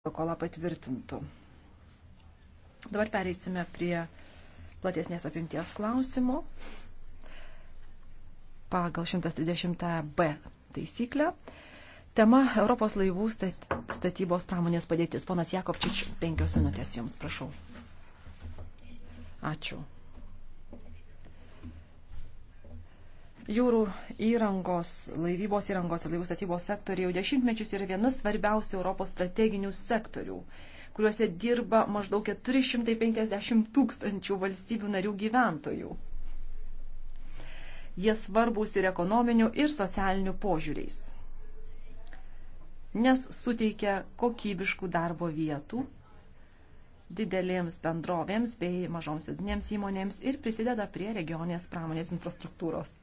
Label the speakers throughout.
Speaker 1: protokolą patvirtintų. Dabar pereisime prie platesnės apimties klausimų. Pagal 130b taisyklę. Tema Europos laivų statybos pramonės padėtis. Ponas Jakovčič, penkios minutės jums, prašau. Ačiū. Jūrų įrangos, laivybos įrangos ir laivų statybos sektoriai jau dešimtmečius yra vienas svarbiausių Europos strateginių sektorių, kuriuose dirba maždaug 450 tūkstančių valstybių narių gyventojų. Jie svarbus ir ekonominių, ir socialinių požiūriais, nes suteikia kokybiškų darbo vietų didelėms bendrovėms bei mažoms vidinėms įmonėms ir prisideda prie regionės pramonės infrastruktūros.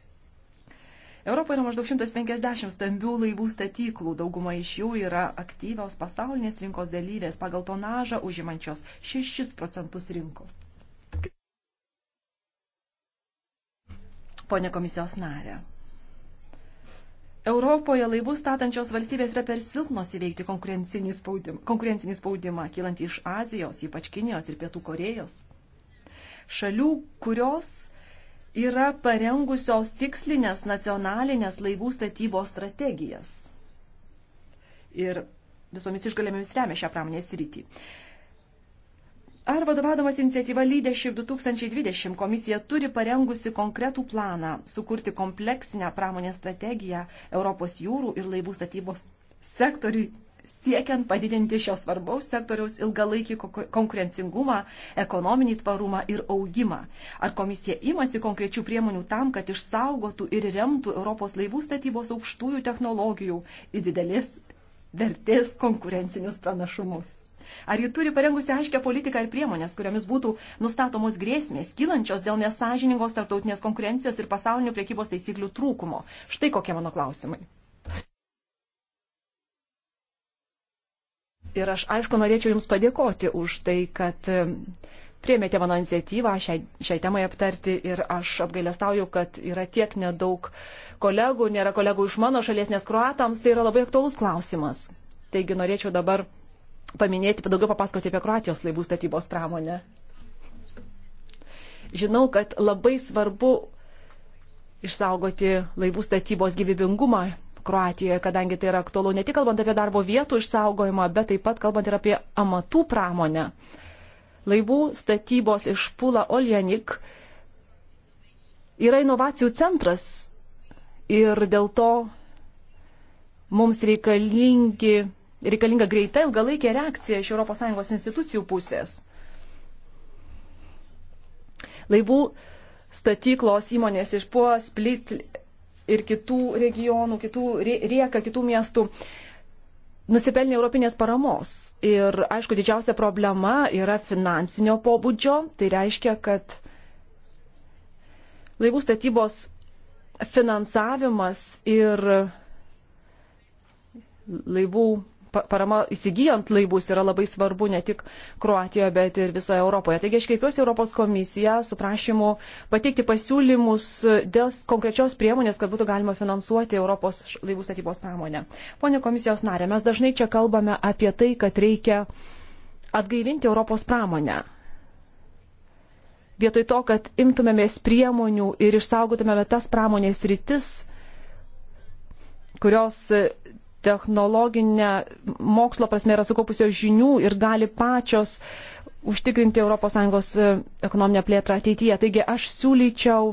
Speaker 1: Europoje yra maždaug 150 stambių laivų statyklų, dauguma iš jų yra aktyvios pasaulinės rinkos dalyvės pagal tonažą užimančios 6 procentus rinkos. Pone komisijos narė. Europoje laivus statančios valstybės yra per silpnos įveikti konkurencinį spaudimą, konkurencinį spaudimą kylant iš Azijos, ypač Kinijos ir Pietų Korejos. Šalių, kurios yra parengusios tikslinės nacionalinės laivų statybos strategijas. Ir visomis išgalėmis remia šią pramonės rytį. Ar vadovadamas iniciatyva Leadership 2020 komisija turi parengusi konkretų planą sukurti kompleksinę pramonės strategiją Europos jūrų ir laivų statybos sektoriui siekiant padidinti šios svarbaus sektoriaus ilgalaikį konkurencingumą, ekonominį tvarumą ir augimą. Ar komisija imasi konkrečių priemonių tam, kad išsaugotų ir remtų Europos laivų statybos aukštųjų technologijų ir didelės vertės konkurencinius pranašumus? Ar ji turi parengusi aiškę politiką ir priemonės, kuriomis būtų nustatomos grėsmės, kylančios dėl nesažiningos tarptautinės konkurencijos ir pasaulinių priekybos taisyklių trūkumo? Štai kokie mano klausimai. Ir aš, aišku, norėčiau Jums padėkoti už tai, kad priemėte mano iniciatyvą šiai, šiai temai aptarti ir aš apgailestauju, kad yra tiek nedaug kolegų, nėra kolegų iš mano šalies, nes kruatams tai yra labai aktuolus klausimas. Taigi norėčiau dabar paminėti, daugiau papasakoti apie Kroatijos laivų statybos pramonę. Žinau, kad labai svarbu išsaugoti laivų statybos gyvybingumą Kroatijoje, kadangi tai yra aktualu ne tik kalbant apie darbo vietų išsaugojimą, bet taip pat kalbant ir apie amatų pramonę. Laivų statybos iš Pula Oljanik yra inovacijų centras ir dėl to mums reikalingi, reikalinga greita ilgalaikė reakcija iš ES institucijų pusės. Laivų statyklos įmonės iš Puo, Split, ir kitų regionų, kitų rieka, kitų miestų nusipelnė europinės paramos. Ir aišku, didžiausia problema yra finansinio pobūdžio. Tai reiškia, kad laivų statybos finansavimas ir laivų parama įsigijant laivus yra labai svarbu ne tik Kroatijoje, bet ir visoje Europoje. Taigi aš kreipiuosi Europos komisiją su prašymu pateikti pasiūlymus dėl konkrečios priemonės, kad būtų galima finansuoti Europos laivų statybos pramonę. Pone komisijos narė, mes dažnai čia kalbame apie tai, kad reikia atgaivinti Europos pramonę. Vietoj to, kad imtumėmės priemonių ir išsaugotumėme tas pramonės rytis, kurios technologinę mokslo prasme yra sukaupusios žinių ir gali pačios užtikrinti ES e, ekonominę plėtrą ateityje. Taigi aš siūlyčiau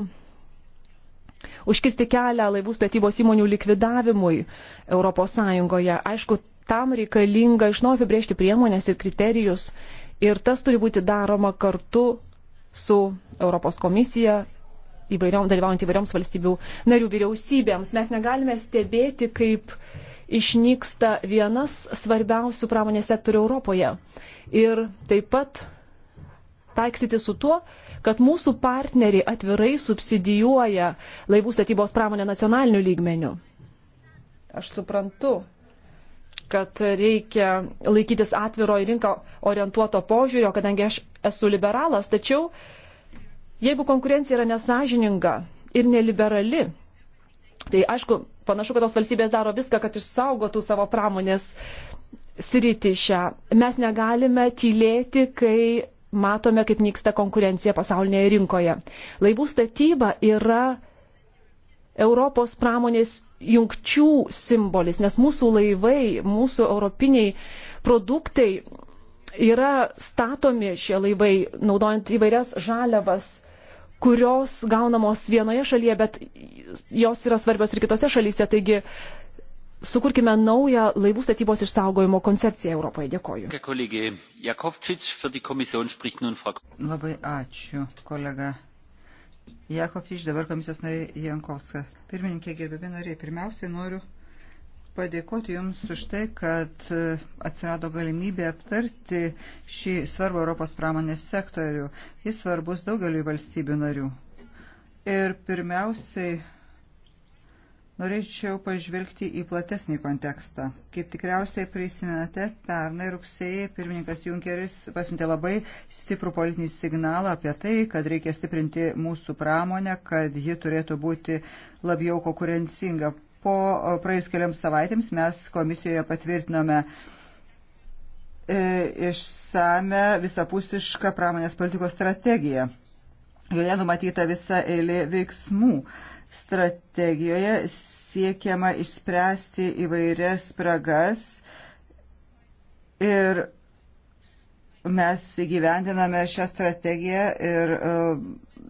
Speaker 1: užkisti kelią laivų statybos įmonių likvidavimui ES. Aišku, tam reikalinga iš naujo apibriežti priemonės ir kriterijus ir tas turi būti daroma kartu su Europos komisija, įvairiom, dalyvaujant įvairioms valstybių narių vyriausybėms. Mes negalime stebėti, kaip uh, išnyksta vienas svarbiausių pramonės sektorių Europoje. Ir taip pat taiksyti su tuo, kad mūsų partneriai atvirai subsidijuoja laivų statybos pramonę nacionaliniu lygmeniu. Aš suprantu, kad reikia laikytis atviro į rinką orientuoto požiūrio, kadangi aš esu liberalas, tačiau jeigu konkurencija yra nesažininga ir neliberali, tai aišku, panašu, kad tos valstybės daro viską, kad išsaugotų savo pramonės sritį šią. Mes negalime tylėti, kai matome, kaip nyksta konkurencija pasaulinėje rinkoje. Laivų statyba yra Europos pramonės jungčių simbolis, nes mūsų laivai, mūsų europiniai produktai yra statomi šie laivai, naudojant įvairias žaliavas kurios gaunamos vienoje šalyje, bet jos yra svarbios ir kitose šalyse. Taigi sukurkime naują laivų statybos išsaugojimo koncepciją Europoje. Dėkoju. Labai ačiū, kolega.
Speaker 2: Jakovčič, dabar komisijos narė Jankovska. Pirmininkė, gerbėmi nariai, pirmiausiai noriu padėkoti Jums už tai, kad e, atsirado galimybė aptarti šį svarbų Europos pramonės sektorių. Jis svarbus daugeliu valstybių narių. Ir pirmiausiai norėčiau pažvelgti į platesnį kontekstą. Kaip tikriausiai prisimenate, pernai rugsėjai pirmininkas Junkeris pasiuntė labai stiprų politinį signalą apie tai, kad reikia stiprinti mūsų pramonę, kad ji turėtų būti labiau konkurencinga po praėjus keliams savaitėms mes komisijoje patvirtinome e, išsame visapusišką pramonės politikos strategiją. Joje numatyta visa eilė veiksmų. Strategijoje siekiama išspręsti įvairias spragas ir mes įgyvendiname šią strategiją ir uh,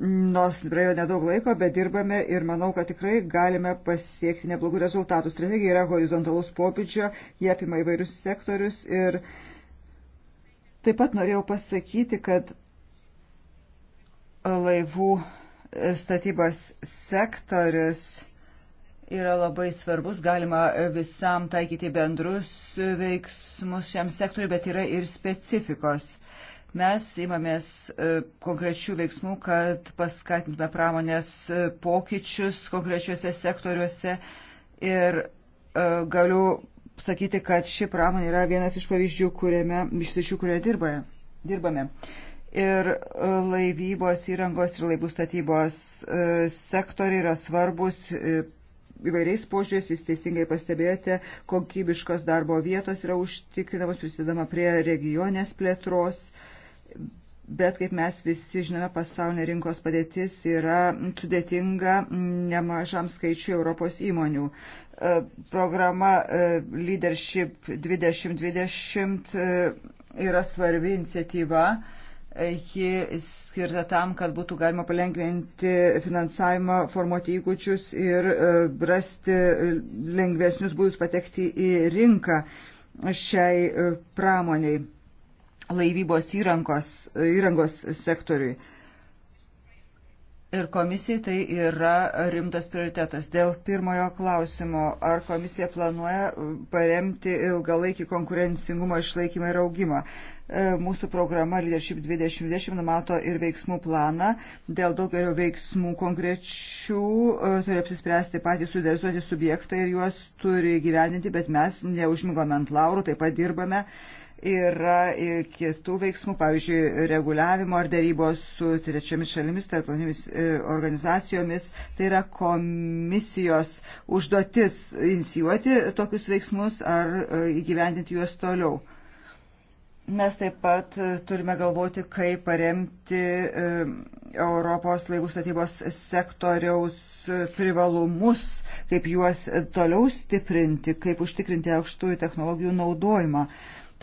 Speaker 2: nors praėjo nedaug laiko, bet dirbame ir manau, kad tikrai galime pasiekti neblogų rezultatų. Strategija yra horizontalus popyčio, jie apima įvairius sektorius ir taip pat norėjau pasakyti, kad laivų statybos sektorius yra labai svarbus, galima visam taikyti bendrus veiksmus šiam sektoriu, bet yra ir specifikos Mes imamės e, konkrečių veiksmų, kad paskatintume pramonės e, pokyčius konkrečiuose sektoriuose ir e, galiu sakyti, kad ši pramonė yra vienas iš pavyzdžių, kuriame, iš sričių, kurioje dirbame. dirbame ir laivybos įrangos ir laivų statybos sektoriai yra svarbus įvairiais požiūrės, jūs teisingai pastebėjote, kokybiškos darbo vietos yra užtikrinamos prisidama prie regionės plėtros. Uh, Bet kaip mes visi žinome, pasaulinė rinkos padėtis yra sudėtinga nemažam skaičiu Europos įmonių. E, programa e, Leadership 2020 e, yra svarbi iniciatyva. Ji skirta tam, kad būtų galima palengventi finansavimą, formuoti įgūdžius ir rasti lengvesnius būdus patekti į rinką šiai pramoniai laivybos įrangos, įrangos sektoriui. Ir komisijai tai yra rimtas prioritetas. Dėl pirmojo klausimo, ar komisija planuoja paremti ilgalaikį konkurencingumą išlaikymą ir augimą? E, mūsų programa Leadership 2020 numato ir veiksmų planą. Dėl daugelio veiksmų konkrečių e, turi apsispręsti patys sudėlizuoti subjektai ir juos turi gyveninti, bet mes neužmigome ant laurų, taip pat dirbame yra kitų veiksmų, pavyzdžiui, reguliavimo ar darybos su trečiomis šalimis, tarptautinėmis e, organizacijomis. Tai yra komisijos užduotis inicijuoti tokius veiksmus ar e, įgyvendinti juos toliau. Mes taip pat e, turime galvoti, kaip paremti Europos laivų statybos sektoriaus privalumus, kaip juos toliau stiprinti, kaip užtikrinti aukštųjų technologijų naudojimą.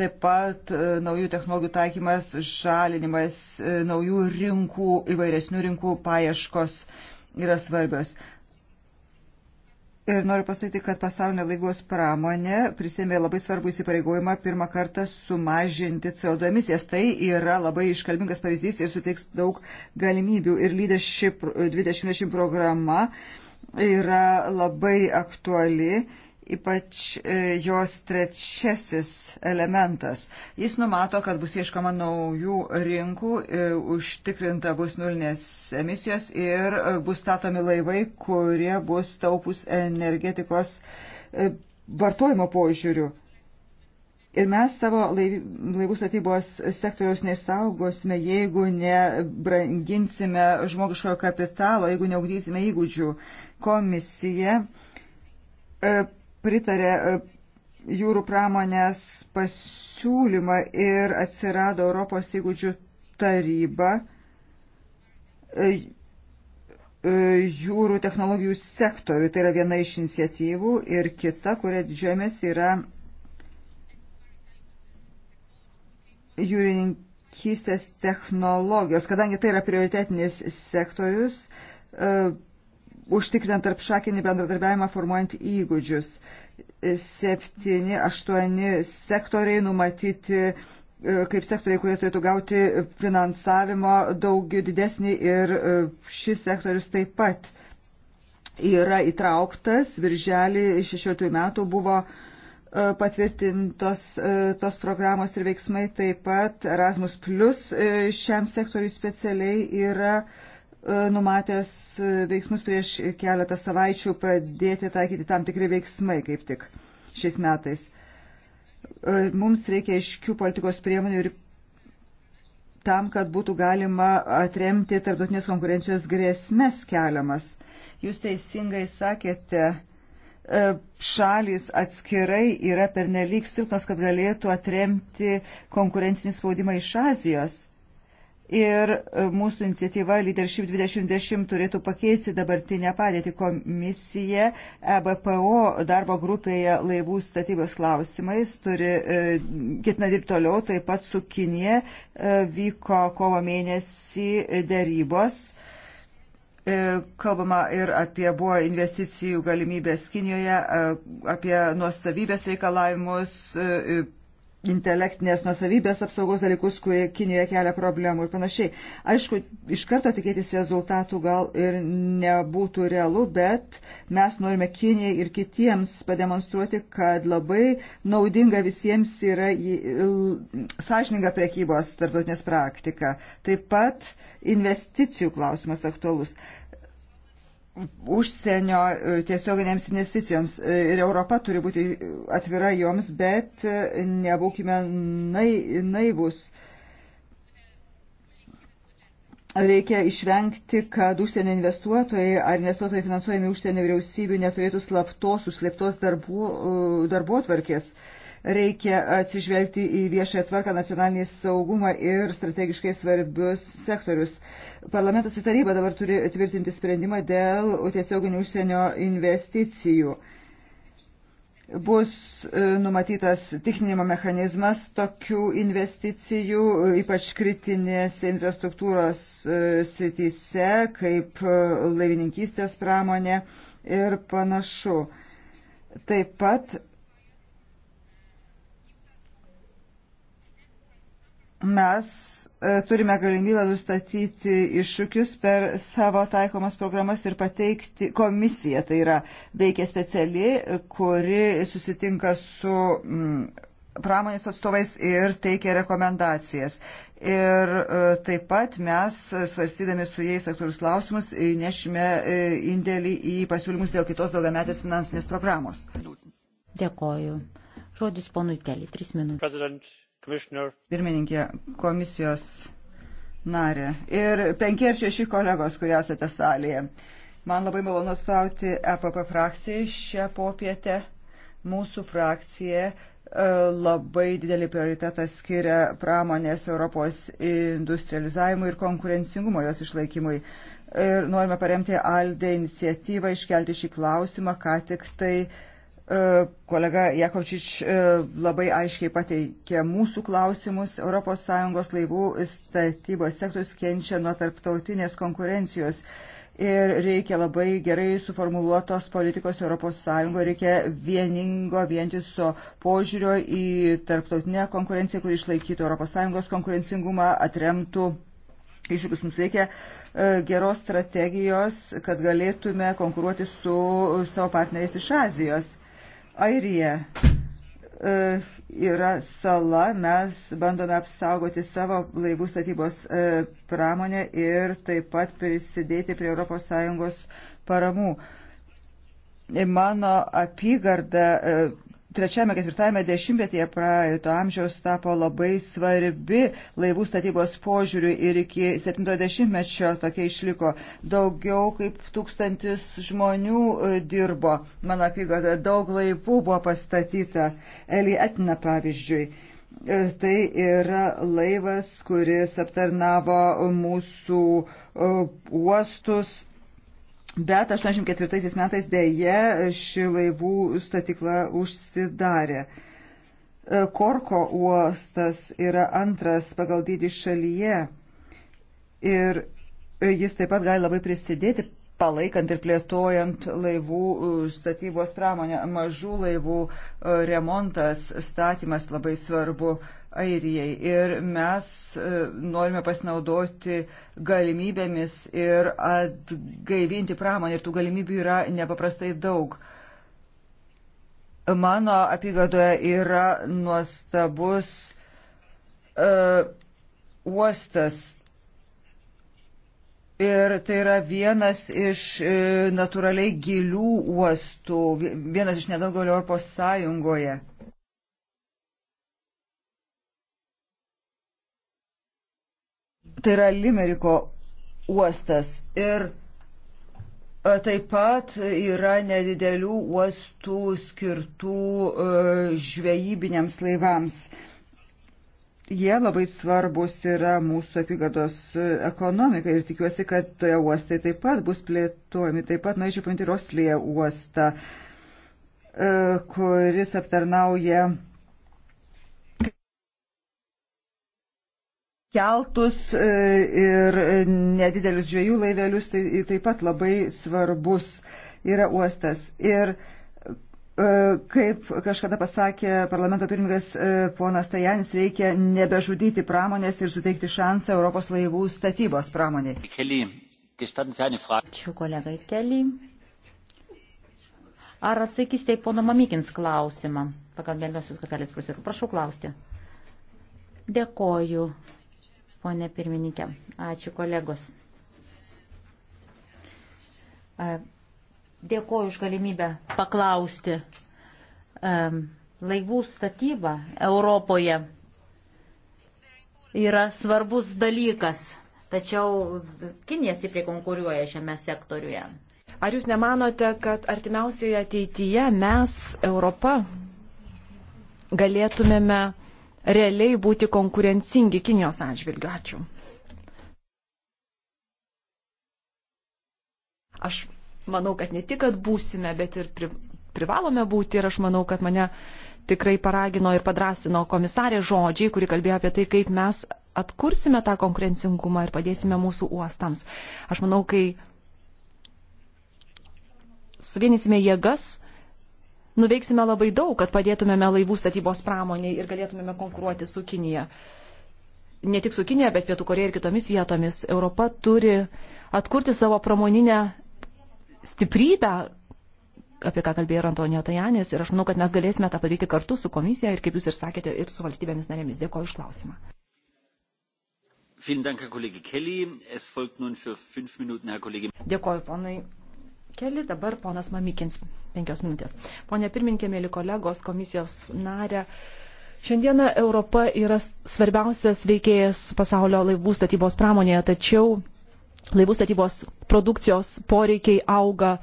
Speaker 2: Taip pat e, naujų technologijų taikymas, žalinimas, e, naujų rinkų, įvairesnių rinkų paieškos yra svarbios. Ir noriu pasakyti, kad pasaulinė laivos pramonė prisėmė labai svarbų įsipareigojimą pirmą kartą sumažinti CO2 emisijas. Tai yra labai iškalbingas pavyzdys ir suteiks daug galimybių. Ir Leadership 2020 programa yra labai aktuali ypač e, jos trečiasis elementas. Jis numato, kad bus ieškama naujų rinkų, e, užtikrinta bus nulinės emisijos ir e, bus statomi laivai, kurie bus taupus energetikos vartojimo požiūrių. Ir mes savo laivų statybos sektoriaus nesaugosime, jeigu nebranginsime žmogiškojo kapitalo, jeigu neugdysime įgūdžių. Komisija pritarė e, jūrų pramonės pasiūlymą ir atsirado Europos įgūdžių taryba e, e, jūrų technologijų sektoriui. Tai yra viena iš iniciatyvų ir kita, kuria didžiuojamės, yra jūrininkystės technologijos. Kadangi tai yra prioritetinis sektorius, užtikrinant tarp šakinį bendradarbiavimą formuojant įgūdžius. Septyni, aštuoni sektoriai numatyti e, kaip sektoriai, kurie turėtų gauti finansavimo daug didesnį ir e, šis sektorius taip pat yra įtrauktas. Virželį 16 metų buvo e, patvirtintos tos programos ir veiksmai taip pat Erasmus Plus šiam sektoriui specialiai yra uh, E, numatęs e, veiksmus prieš keletą savaičių pradėti taikyti tam tikri veiksmai kaip tik šiais metais. E, mums reikia iškių politikos priemonių ir tam, kad būtų galima atremti tarptautinės konkurencijos grėsmes keliamas. Jūs teisingai sakėte, šalys atskirai yra pernelyg silpnas, kad galėtų atremti konkurencinį spaudimą iš Azijos ir e, mūsų iniciatyva Leadership 2010 turėtų pakeisti dabartinę padėtį komisiją EBPO darbo grupėje laivų statybos klausimais, turi e, ketina dirbti toliau, taip pat su Kinė e, vyko kovo mėnesį dėrybos. Kalbama ir apie buvo investicijų galimybės Kinijoje, apie nuosavybės reikalavimus, intelektinės nusavybės apsaugos dalykus, kurie Kinijoje kelia problemų ir panašiai. Aišku, iš karto tikėtis rezultatų gal ir nebūtų realu, bet mes norime Kinijai ir kitiems pademonstruoti, kad labai naudinga visiems yra sąžininga prekybos tarptautinės praktika. Taip pat investicijų klausimas aktualus užsienio e, tiesioginėms investicijoms e, ir Europa turi būti atvira joms, bet e, nebūkime naivus. Reikia išvengti, kad užsienio investuotojai ar investuotojai finansuojami užsienio vyriausybių neturėtų slaptos, užslėptos darbuotvarkės. Darbu Reikia atsižvelgti į viešąją tvarką, nacionalinį saugumą ir strategiškai svarbius sektorius. Parlamentas ir taryba dabar turi tvirtinti sprendimą dėl tiesioginių užsienio investicijų bus e, numatytas tikinimo mechanizmas tokių investicijų, ypač kritinės infrastruktūros e, srityse, kaip e, laivininkystės pramonė ir panašu. Taip pat mes e, turime galimybę nustatyti iššūkius per savo taikomas programas ir pateikti komisiją, tai yra veikia speciali, kuri susitinka su mm, pramonės atstovais ir teikia rekomendacijas. Ir e, taip pat mes, svarstydami su jais aktualius klausimus, nešime e, indėlį į pasiūlymus dėl kitos daugiametės finansinės programos. Dėkoju. Žodis ponui Telį, trys minutės. Pirmininkė, komisijos narė ir penki ar šeši kolegos, kurie esate salėje. Man labai malonu atstovauti EPP frakcijai šią popietę. Mūsų frakcija e, labai didelį prioritetą skiria pramonės Europos industrializavimui ir konkurencingumo jos išlaikymui. Ir norime paremti Aldę iniciatyvą iškelti šį klausimą, ką tik tai uh, E, kolega Jakovčič e, labai aiškiai pateikė mūsų klausimus. ES laivų statybos sektorius kenčia nuo tarptautinės konkurencijos ir reikia labai gerai suformuluotos politikos ES, reikia vieningo, vientiso požiūrio į tarptautinę konkurenciją, kuri išlaikytų ES konkurencingumą, atremtų iššūkius. Mums reikia e, geros strategijos, kad galėtume konkuruoti su savo partneriais iš Azijos. Airija e, yra sala, mes bandome apsaugoti savo laivų statybos e, pramonę ir taip pat prisidėti prie ES paramų. Mano apygarda e, trečiame, ketvirtame dešimtmetyje praeito amžiaus tapo labai svarbi laivų statybos požiūriu ir iki 70-mečio tokia išliko. Daugiau kaip tūkstantis žmonių e, dirbo mano apygardoje, daug laivų buvo pastatyta. Eli Etna pavyzdžiui. E, tai yra laivas, kuris aptarnavo mūsų e, uostus Bet 84 metais dėje ši laivų statykla užsidarė. E, Korko uostas yra antras pagal dydį šalyje ir e, jis taip pat gali labai prisidėti palaikant ir plėtojant laivų e, statybos pramonę. Mažų laivų remontas, statymas labai svarbu Airijai ir mes e, norime pasinaudoti galimybėmis ir atgaivinti pramonę ir tų galimybių yra nepaprastai daug. Mano apygardoje yra nuostabus uh, uostas Ir tai yra vienas iš e, natūraliai gilių uostų, vienas iš nedaugelio Europos Sąjungoje. tai yra Limeriko uostas ir e, Taip pat yra nedidelių uostų skirtų e, žvejybiniams laivams. Jie labai svarbus yra mūsų apygardos e, ekonomikai ir tikiuosi, kad toje uostai taip pat bus plėtojami. Taip pat norėčiau paminti Roslėje uostą, kuris aptarnauja keltus e, ir nedidelius žvėjų laivelius, tai taip pat labai svarbus yra uostas. Ir e, kaip kažkada pasakė parlamento pirmininkas e, ponas Tajanis, reikia nebežudyti pramonės ir suteikti šansą Europos laivų statybos pramoniai.
Speaker 3: Ačiū kolegai Kelį. Ar atsakysite į pono Mamikins klausimą pagal mėlynosios kortelės procedūrą? Prašau klausti. Dėkoju ponė pirmininkė. Ačiū kolegos. Dėkuoju už galimybę paklausti. Laivų statyba Europoje yra svarbus dalykas, tačiau Kinija stipriai konkuruoja
Speaker 1: šiame sektoriuje. Ar jūs nemanote, kad artimiausioje ateityje mes, Europa, galėtumėme realiai būti konkurencingi Kinijos atžvilgiu. Ačiū. Aš manau, kad ne tik, kad būsime, bet ir pri, privalome būti ir aš manau, kad mane tikrai paragino ir padrasino komisarė žodžiai, kuri kalbėjo apie tai, kaip mes atkursime tą konkurencingumą ir padėsime mūsų uostams. Aš manau, kai suvienysime jėgas, nuveiksime labai daug, kad padėtumėme laivų statybos pramoniai ir galėtumėme konkuruoti su Kinija. Ne tik su Kinija, bet Pietų Koreja ir kitomis vietomis. Europa turi atkurti savo pramoninę stiprybę, apie ką kalbėjo ir Antonijo Tajanis, ir aš manau, kad mes galėsime tą padaryti kartu su komisija ir, kaip jūs ir sakėte, ir su valstybėmis narėmis. Dėkuoju už klausimą. Dėkuoju, ponai Keli, dabar ponas Mamikins penkios minutės. Pone pirmininkė, mėly kolegos, komisijos narė. Šiandieną Europa yra svarbiausias veikėjas pasaulio laivų statybos pramonėje, tačiau laivų statybos produkcijos poreikiai auga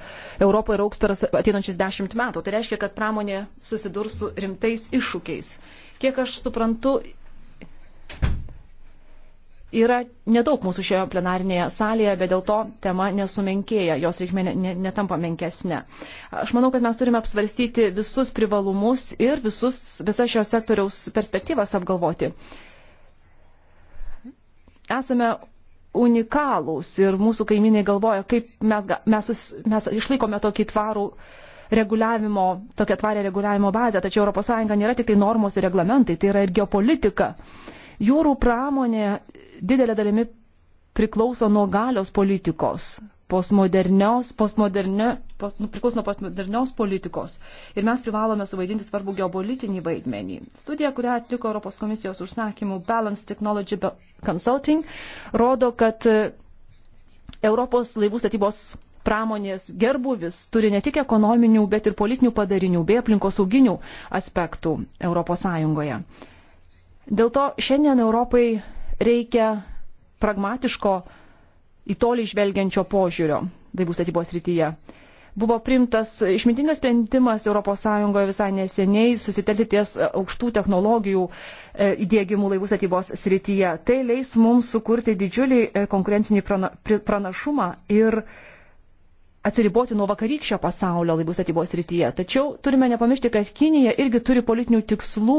Speaker 1: Europoje ir auks per ateinančius dešimt metų. Tai reiškia, kad pramonė susidurs su rimtais iššūkiais. Kiek aš suprantu, yra nedaug mūsų šioje plenarinėje salėje, bet dėl to tema nesumenkėja, jos reikmė netampa menkesnė. Aš manau, kad mes turime apsvarstyti visus privalumus ir visus, visas šio sektoriaus perspektyvas apgalvoti. Esame unikalūs ir mūsų kaimynai galvoja, kaip mes, mes, sus, mes išlaikome tokį tvarų reguliavimo, tokią tvarę reguliavimo bazę, tačiau ES nėra tik tai normos ir reglamentai, tai yra ir geopolitika. Uh, Jūrų pramonė didelė dalimi priklauso nuo galios politikos, postmodernios, postmodernio, post, nu, priklauso nuo postmodernios politikos. Ir mes privalome suvaidinti svarbų geopolitinį vaidmenį. Studija, kurią atliko Europos komisijos užsakymų Balance Technology Consulting, rodo, kad e, Europos laivų statybos pramonės gerbuvis turi ne tik ekonominių, bet ir politinių padarinių bei aplinkosauginių aspektų Europos Sąjungoje. Dėl to šiandien Europai reikia pragmatiško, į tolį žvelgiančio požiūrio laivų statybos rytyje. Buvo primtas išmintingas sprendimas ES visai neseniai susitelti ties aukštų technologijų e, įdėgimų laivų statybos srityje. Tai leis mums sukurti didžiulį e, konkurencinį pranašumą ir prana, atsiriboti nuo vakarykščio pasaulio laivų statybos rytyje. Tačiau turime nepamiršti, kad Kinija irgi turi politinių tikslų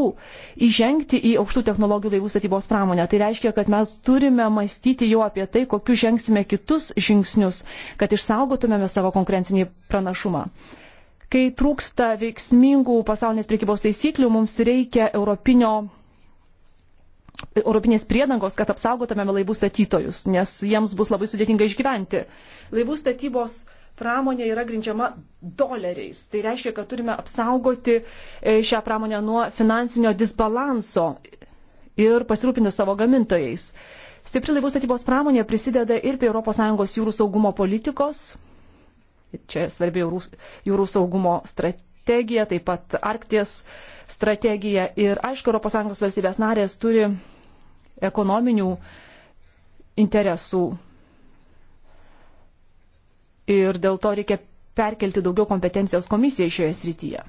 Speaker 1: įžengti į aukštų technologijų laivų statybos pramonę. Tai reiškia, kad mes turime mąstyti jau apie tai, kokius žengsime kitus žingsnius, kad išsaugotumėme savo konkurencinį pranašumą. Kai trūksta veiksmingų pasaulinės priekybos taisyklių, mums reikia europinio europinės priedangos, kad apsaugotumėme laivų statytojus, nes jiems bus labai sudėtinga išgyventi. Laivų statybos pramonė yra grindžiama doleriais. Tai reiškia, kad turime apsaugoti e, šią pramonę nuo finansinio disbalanso ir pasirūpinti savo gamintojais. Stipri laivų statybos pramonė prisideda ir prie ES jūrų saugumo politikos. Čia svarbi jūrų, jūrų saugumo strategija, taip pat Arkties strategija. Ir aišku, ES valstybės narės turi ekonominių interesų ir dėl to reikia perkelti daugiau kompetencijos komisijai šioje srityje.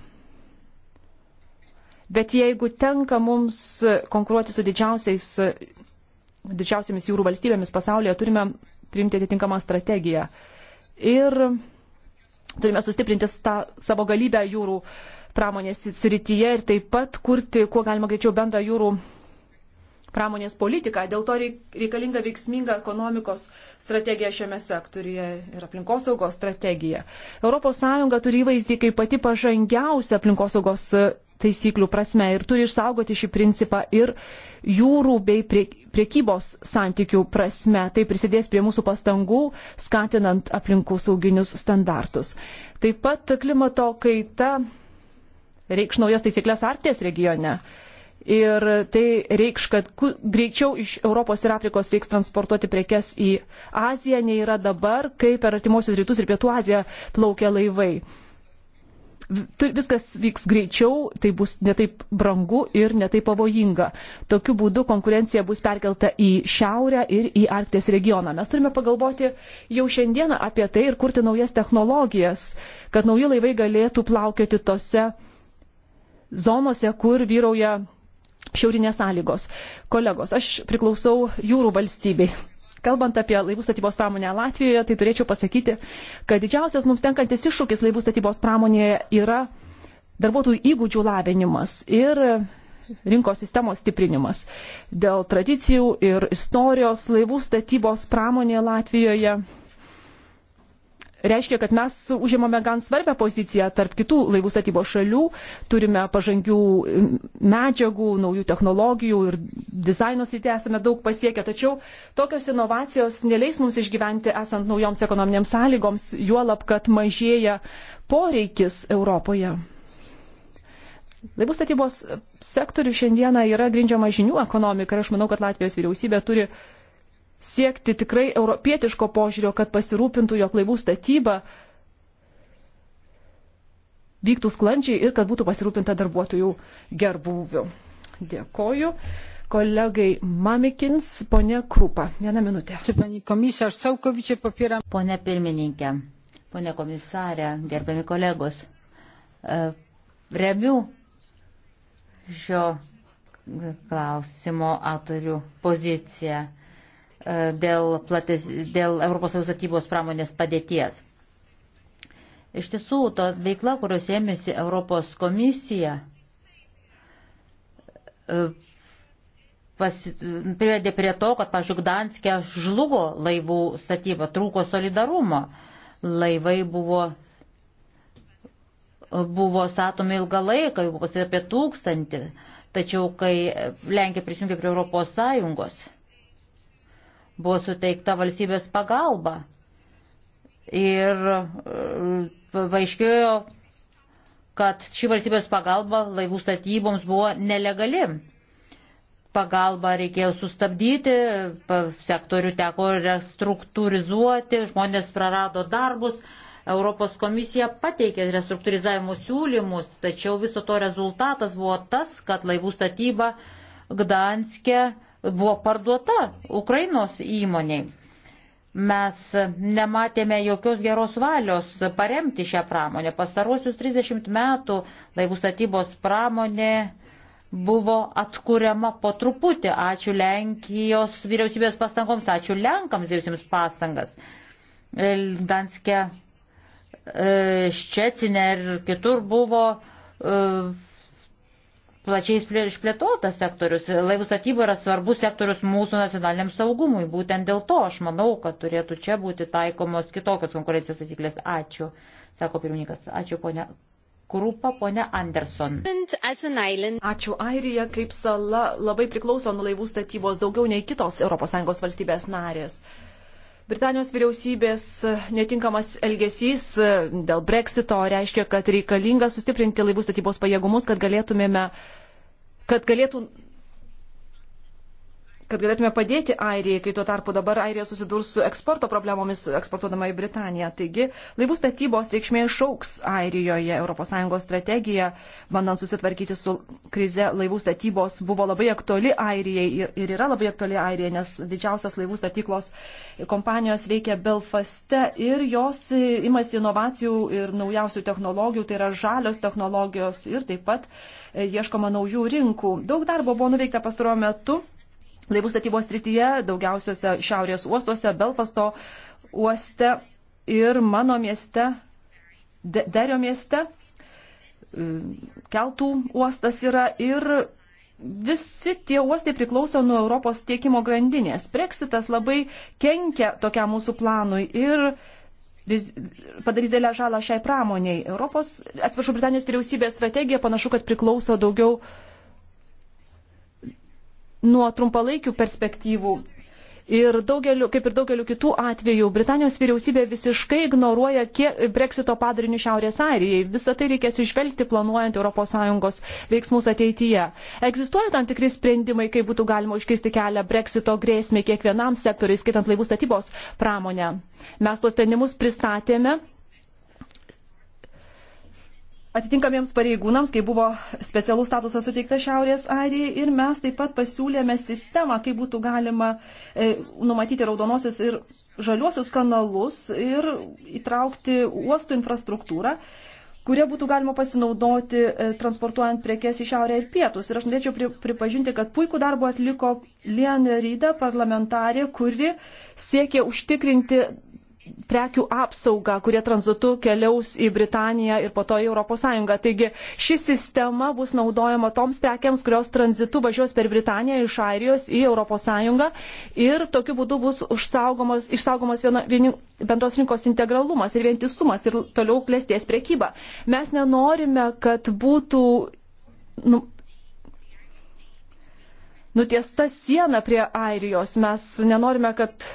Speaker 1: Bet jeigu tenka mums konkuruoti su didžiausiamis jūrų valstybėmis pasaulyje, turime priimti atitinkamą strategiją. Ir turime sustiprinti tą savo galybę jūrų pramonės srityje ir taip pat kurti, kuo galima greičiau, bendrą jūrų pramonės politiką. Dėl to reikalinga veiksminga ekonomikos strategija šiame sektoriuje ir aplinkosaugos strategija. ES turi įvaizdį kaip pati pažangiausia aplinkosaugos e, taisyklių prasme ir turi išsaugoti šį principą ir jūrų bei priekybos santykių prasme. Tai prisidės prie mūsų pastangų, skatinant aplinkų sauginius standartus. Taip pat klimato kaita reikš naujas taisyklės Arkties regione. Ir tai reikš, kad greičiau iš Europos ir Afrikos reiks transportuoti prekes į Aziją, nei yra dabar, kai per artimuosius rytus ir pietų Aziją plaukia laivai. Viskas vyks greičiau, tai bus netaip brangu ir netaip pavojinga. Tokiu būdu konkurencija bus perkelta į šiaurę ir į Arkties regioną. Mes turime pagalvoti jau šiandieną apie tai ir kurti naujas technologijas, kad nauji laivai galėtų plaukioti tose zonose, kur vyrauja šiaurinės sąlygos. Kolegos, aš priklausau jūrų valstybei. Kalbant apie laivų statybos pramonę Latvijoje, tai turėčiau pasakyti, kad didžiausias mums tenkantis iššūkis laivų statybos pramonėje yra darbuotojų įgūdžių lavinimas ir rinkos sistemos stiprinimas. Dėl tradicijų ir istorijos laivų statybos pramonė Latvijoje reiškia, kad mes užimame gan svarbią poziciją tarp kitų laivų statybos šalių, turime pažangių medžiagų, naujų technologijų ir dizaino srityje esame daug pasiekę, tačiau tokios inovacijos neleis mums išgyventi esant naujoms ekonominėms sąlygoms, juolab, kad mažėja poreikis Europoje. Laivų statybos sektorius šiandieną yra grindžiama žinių ekonomika ir aš manau, kad Latvijos vyriausybė turi siekti tikrai europietiško požiūrio, kad pasirūpintų, jog laivų statyba vyktų sklandžiai ir kad būtų pasirūpinta darbuotojų gerbūviu. Dėkoju. Kolegai Mamikins, ponė Krupa. Vieną minutę. Pone
Speaker 3: pirmininkė, ponė komisarė, gerbiami kolegos, e, remiu šio klausimo autorių poziciją E, dėl, plates, dėl ES statybos pramonės padėties. Iš tiesų, to veikla, kurios ėmėsi Europos komisija, e, privedė prie to, kad, pažiūrėk, Danskė žlugo laivų statyba, trūko solidarumo. Laivai buvo, buvo statomi ilgą laiką, jau pasitė apie tūkstantį, tačiau kai Lenkija prisijungė prie Europos Sąjungos, buvo suteikta valstybės pagalba. Ir e, paaiškėjo, kad ši valstybės pagalba laivų statyboms buvo nelegali. Pagalba reikėjo sustabdyti, sektorių teko restruktūrizuoti, žmonės prarado darbus. Europos komisija pateikė restruktūrizavimo siūlymus, tačiau viso to rezultatas buvo tas, kad laivų statyba Gdanske buvo parduota Ukrainos įmoniai. Mes nematėme jokios geros valios paremti šią pramonę. Pastaruosius 30 metų laivų statybos pramonė buvo atkuriama po truputį. Ačiū Lenkijos vyriausybės pastangoms, ačiū Lenkams dėjusiems pastangas. Danske, Ščecinė ir kitur buvo e, plačiai išplėtotas sektorius. Laivų statyba yra svarbus sektorius mūsų nacionaliniam saugumui. Būtent dėl to aš manau, kad turėtų čia būti taikomos kitokios konkurencijos taisyklės. Ačiū, sako pirmininkas. Ačiū, ponia. Krūpa ponia Anderson.
Speaker 1: Ačiū. Airija kaip sala labai priklauso nuo laivų statybos daugiau nei kitos ES valstybės narės. Britanijos vyriausybės netinkamas elgesys dėl breksito reiškia, kad reikalinga sustiprinti laivų statybos pajėgumus, kad galėtumėme uh, kad galėtų kad galėtume padėti Airijai, kai tuo tarpu dabar Airija susidurs su eksporto problemomis eksportuodama į Britaniją. Taigi, laivų statybos reikšmė šauks Airijoje. ES strategija, bandant susitvarkyti su krize laivų statybos, buvo labai aktuali Airijai ir yra labai aktuali Airijai, nes didžiausias laivų statyklos kompanijos veikia Belfaste ir jos imasi inovacijų ir naujausių technologijų, tai yra žalios technologijos ir taip pat e, ieškoma naujų rinkų. Daug darbo buvo nuveikta pastaruoju metu laivų statybos srityje, daugiausiose šiaurės uostuose, Belfasto uoste ir mano mieste, De Derio mieste. E, Keltų uostas yra ir visi tie uostai priklauso nuo Europos tiekimo grandinės. Brexitas labai kenkia tokiam mūsų planui ir padarys dėlę žalą šiai pramoniai. Europos, atsiprašau, Britanijos vyriausybės strategija panašu, kad priklauso daugiau uh, nuo trumpalaikių perspektyvų. Ir daugeliu, kaip ir daugeliu kitų atvejų, Britanijos vyriausybė visiškai ignoruoja breksito padarinių Šiaurės Airijai. Visą tai reikia atsižvelgti planuojant ES veiksmus ateityje. Egzistuoja tam tikri sprendimai, kaip būtų galima užkisti kelią breksito grėsmė kiekvienam sektoriui, skaitant laivų statybos pramonę. Mes tuos sprendimus pristatėme atitinkamiems pareigūnams, kai buvo specialus statusas suteiktas Šiaurės Airijai ir mes taip pat pasiūlėme sistemą, kaip būtų galima e, numatyti raudonosius ir žaliuosius kanalus ir įtraukti uostų infrastruktūrą kurie būtų galima pasinaudoti e, transportuojant prekes į šiaurę ir pietus. Ir aš norėčiau pri, pripažinti, kad puikų darbą atliko Lian Ryda, parlamentarė, kuri siekė užtikrinti prekių apsaugą, kurie tranzitu keliaus į Britaniją ir po to į ES. Taigi ši sistema bus naudojama toms prekiams, kurios tranzitu važiuos per Britaniją iš Airijos į ES ir tokiu būdu bus išsaugomas, išsaugomas viena, vieni, bendros rinkos integralumas ir vientisumas ir toliau klėsties priekyba. Mes nenorime, kad būtų. Nu, Nutiesta siena prie Airijos. Mes nenorime, kad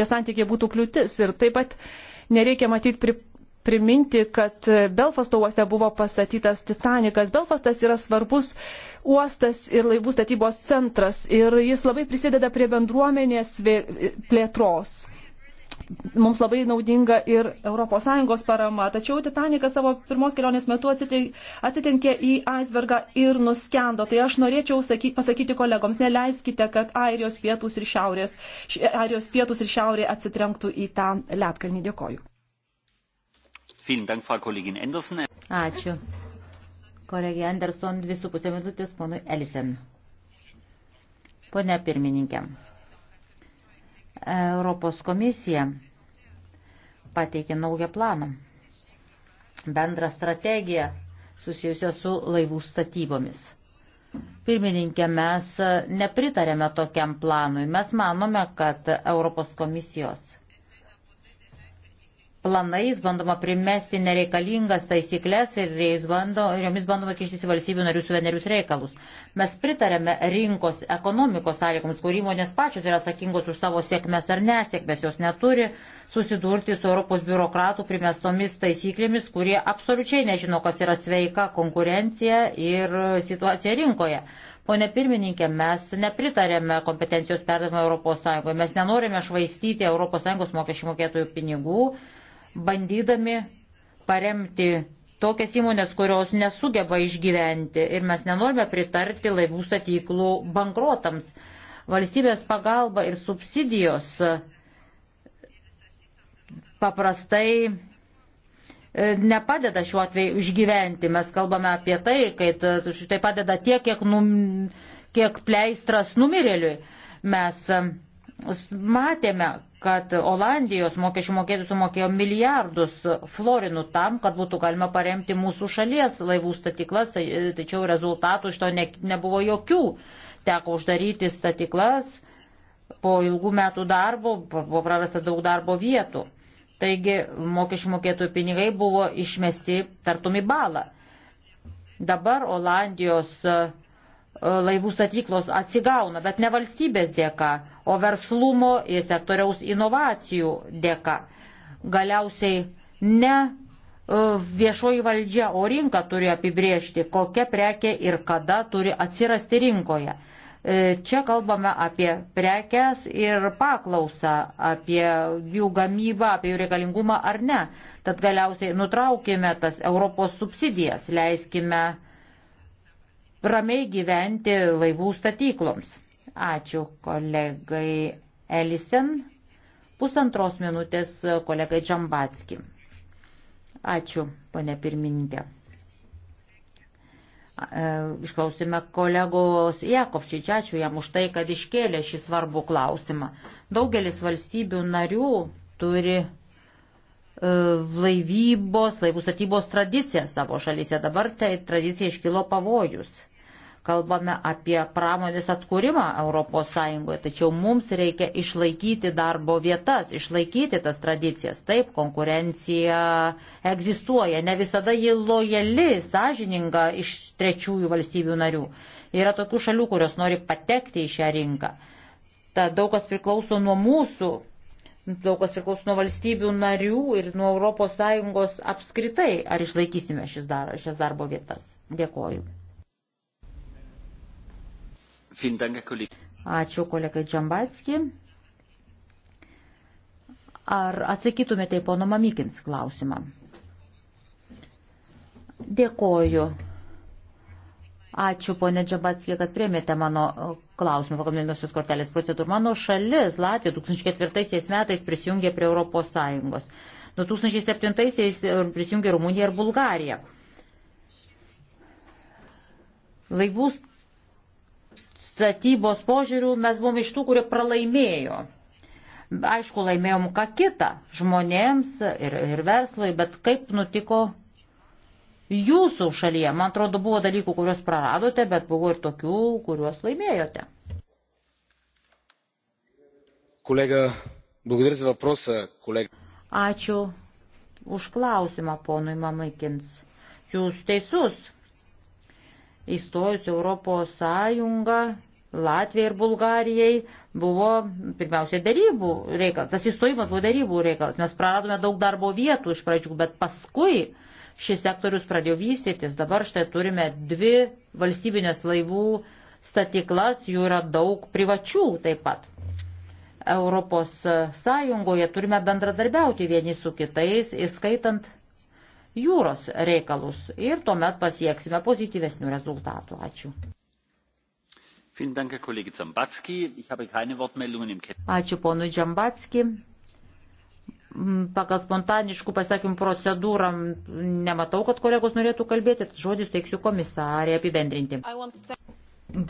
Speaker 1: tie santykiai būtų kliūtis. Ir taip pat nereikia matyti pri, priminti, kad Belfasto uoste buvo pastatytas Titanikas. Belfastas yra svarbus uostas ir laivų statybos centras ir jis labai prisideda prie bendruomenės plėtros. Vė mums labai naudinga ir ES parama. Tačiau Titanikas savo pirmos kelionės metu atsitinkė į aisbergą ir nuskendo. Tai aš norėčiau saky, pasakyti kolegoms, neleiskite, kad Airijos pietus ir šiaurės, Airijos pietus ir šiaurė atsitrenktų į tą ledkalnį. Dėkoju. Ačiū.
Speaker 3: Kolegė Anderson, dvi su pusė minutės, ponui Elisen. Pone pirmininkė. Europos komisija pateikė naują planą, bendrą strategiją susijusią su laivų statybomis. Pirmininkė, mes nepritarėme tokiam planui. Mes manome, kad Europos komisijos planais bandoma primesti nereikalingas taisyklės ir, bando, ir jomis bandoma kištis į valstybių narių suvenerius reikalus. Mes pritarėme rinkos ekonomikos sąlygoms, kur įmonės pačios yra atsakingos už savo sėkmes ar nesėkmes, jos neturi susidurti su Europos biurokratų primestomis taisyklėmis, kurie absoliučiai nežino, kas yra sveika konkurencija ir situacija rinkoje. Pone pirmininkė, mes nepritarėme kompetencijos perdavimą ES, mes nenorime švaistyti ES mokesčių mokėtojų pinigų, bandydami paremti tokias įmonės, kurios nesugeba išgyventi ir mes nenorime pritarti laivų statyklų bankrotams. Valstybės pagalba ir subsidijos paprastai e, nepadeda šiuo atveju išgyventi. Mes kalbame apie tai, kad tai padeda tiek, kiek, num, kiek pleistras numirėliui. Mes e, matėme, kad Olandijos mokesčių mokėtų sumokėjo milijardus florinų tam, kad būtų galima paremti mūsų šalies laivų statiklas, tai, tačiau rezultatų iš to ne, nebuvo jokių. Teko uždaryti statiklas, po ilgų metų darbo buvo prarasta daug darbo vietų. Taigi mokesčių mokėtojų pinigai buvo išmesti tartum į balą. Dabar Olandijos e, laivų statyklos atsigauna, bet ne valstybės dėka, o verslumo ir sektoriaus inovacijų dėka. Galiausiai ne e, viešoji valdžia, o rinka turi apibriežti, kokia prekė ir kada turi atsirasti rinkoje. E, čia kalbame apie prekes ir paklausą, apie jų gamybą, apie jų reikalingumą ar ne. Tad galiausiai nutraukime tas Europos subsidijas, leiskime ramiai gyventi laivų statykloms. Ačiū kolegai Elisen. Pusantros minutės kolegai Džambatski. Ačiū, ponė pirmininkė. E, išklausime kolegos Jakovčič, ačiū jam už tai, kad iškėlė šį svarbų klausimą. Daugelis valstybių narių turi e, laivybos, laivų statybos tradiciją savo šalyse. Dabar tai tradicija iškilo pavojus kalbame apie pramonės atkūrimą ES, tačiau mums reikia išlaikyti darbo vietas, išlaikyti tas tradicijas. Taip, konkurencija egzistuoja, ne visada ji lojali, sąžininga iš trečiųjų valstybių narių. Yra tokių šalių, kurios nori patekti į šią rinką. Tad daug kas priklauso nuo mūsų. Daug kas priklauso nuo valstybių narių ir nuo ES apskritai, ar išlaikysime dar, šias darbo vietas. Dėkoju.
Speaker 2: Ačiū
Speaker 3: kolegai Džambatski. Ar atsakytumėte į pono Mamikins klausimą? Dėkoju. Ačiū, ponė Džabatskė, kad priemėte mano klausimą pagal mėnesios kortelės procedūrą. Mano šalis, Latvija, 2004 metais prisijungė prie Europos Sąjungos. 2007 e, prisijungė Rumunija ir Bulgarija. Laivų statybos požiūrių mes buvom iš tų, kurie pralaimėjo. Aišku, laimėjom ką kitą žmonėms ir, ir verslui, bet kaip nutiko jūsų šalyje? Man atrodo, buvo dalykų, kuriuos praradote, bet buvo ir tokių, kuriuos laimėjote. Kolega, благодаря за въпроса, колега. Ačiū už klausimą, ponui Mamikins. Jūs teisus. Įstojus Europos Sąjungą Latvijai ir Bulgarijai buvo pirmiausiai darybų reikalas. Tas įstojimas buvo darybų reikalas. Mes praradome daug darbo vietų iš pradžių, bet paskui šis sektorius pradėjo vystytis. Dabar štai turime dvi valstybinės laivų statiklas, jų yra daug privačių taip pat. Europos Sąjungoje turime bendradarbiauti vieni su kitais, įskaitant jūros reikalus ir tuomet pasieksime pozityvesnių rezultatų. Ačiū. Ačiū ponui Džambatski. Mm, pagal spontaniškų pasakymų procedūrą mm, nematau, kad kolegos norėtų kalbėti, žodis teiksiu komisarė apibendrinti.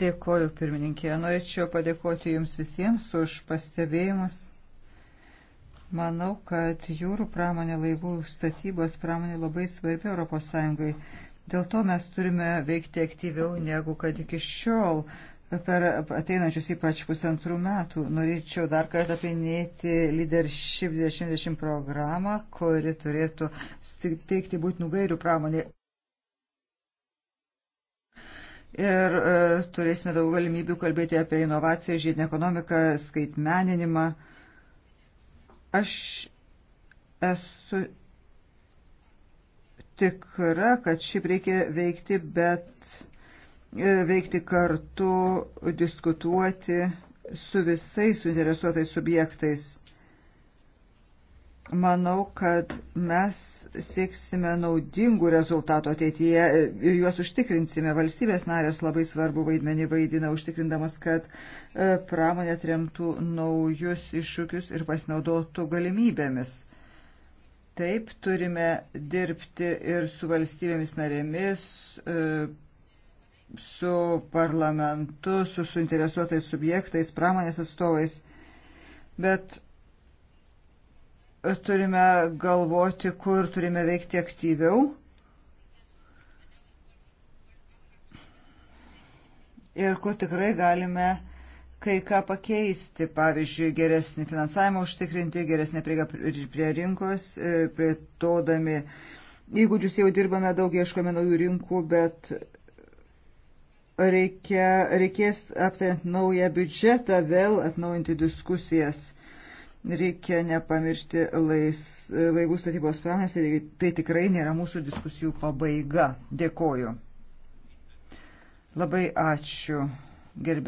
Speaker 2: Dėkoju, pirmininkė. Norėčiau padėkoti Jums visiems už pastebėjimus. Manau, kad jūrų pramonė, laivų statybos pramonė labai svarbi ES. Dėl to mes turime veikti aktyviau negu kad iki šiol per ateinančius ypač pusantrų metų. Norėčiau dar kartą paminėti Leadership 2020 programą, kuri turėtų teikti būtinų gairių pramonė. Ir e, turėsime daug galimybių kalbėti apie inovaciją, žiedinę ekonomiką, skaitmeninimą. Aš esu tikra, kad šip reikia veikti, bet E, veikti kartu, diskutuoti su visais suinteresuotais subjektais. Manau, kad mes sieksime naudingų rezultatų ateityje ir juos užtikrinsime. Valstybės narės labai svarbu vaidmenį vaidina, užtikrindamas, kad e, pramonė atremtų naujus iššūkius ir pasinaudotų galimybėmis. Taip turime dirbti ir su valstybėmis narėmis, e, su parlamentu, su suinteresuotais subjektais, pramonės atstovais. Bet turime galvoti, kur turime veikti aktyviau. ir kur tikrai galime kai ką pakeisti, pavyzdžiui, geresnį finansavimą užtikrinti, geresnį prieigą prie rinkos, e, plėtodami įgūdžius jau dirbame daug, ieškome naujų rinkų, bet reikia, reikės aptariant naują biudžetą vėl atnaujinti diskusijas. Reikia nepamiršti lais, laivų statybos pramonės, tai tikrai nėra mūsų diskusijų pabaiga. Dėkoju. Labai ačiū, gerbiam.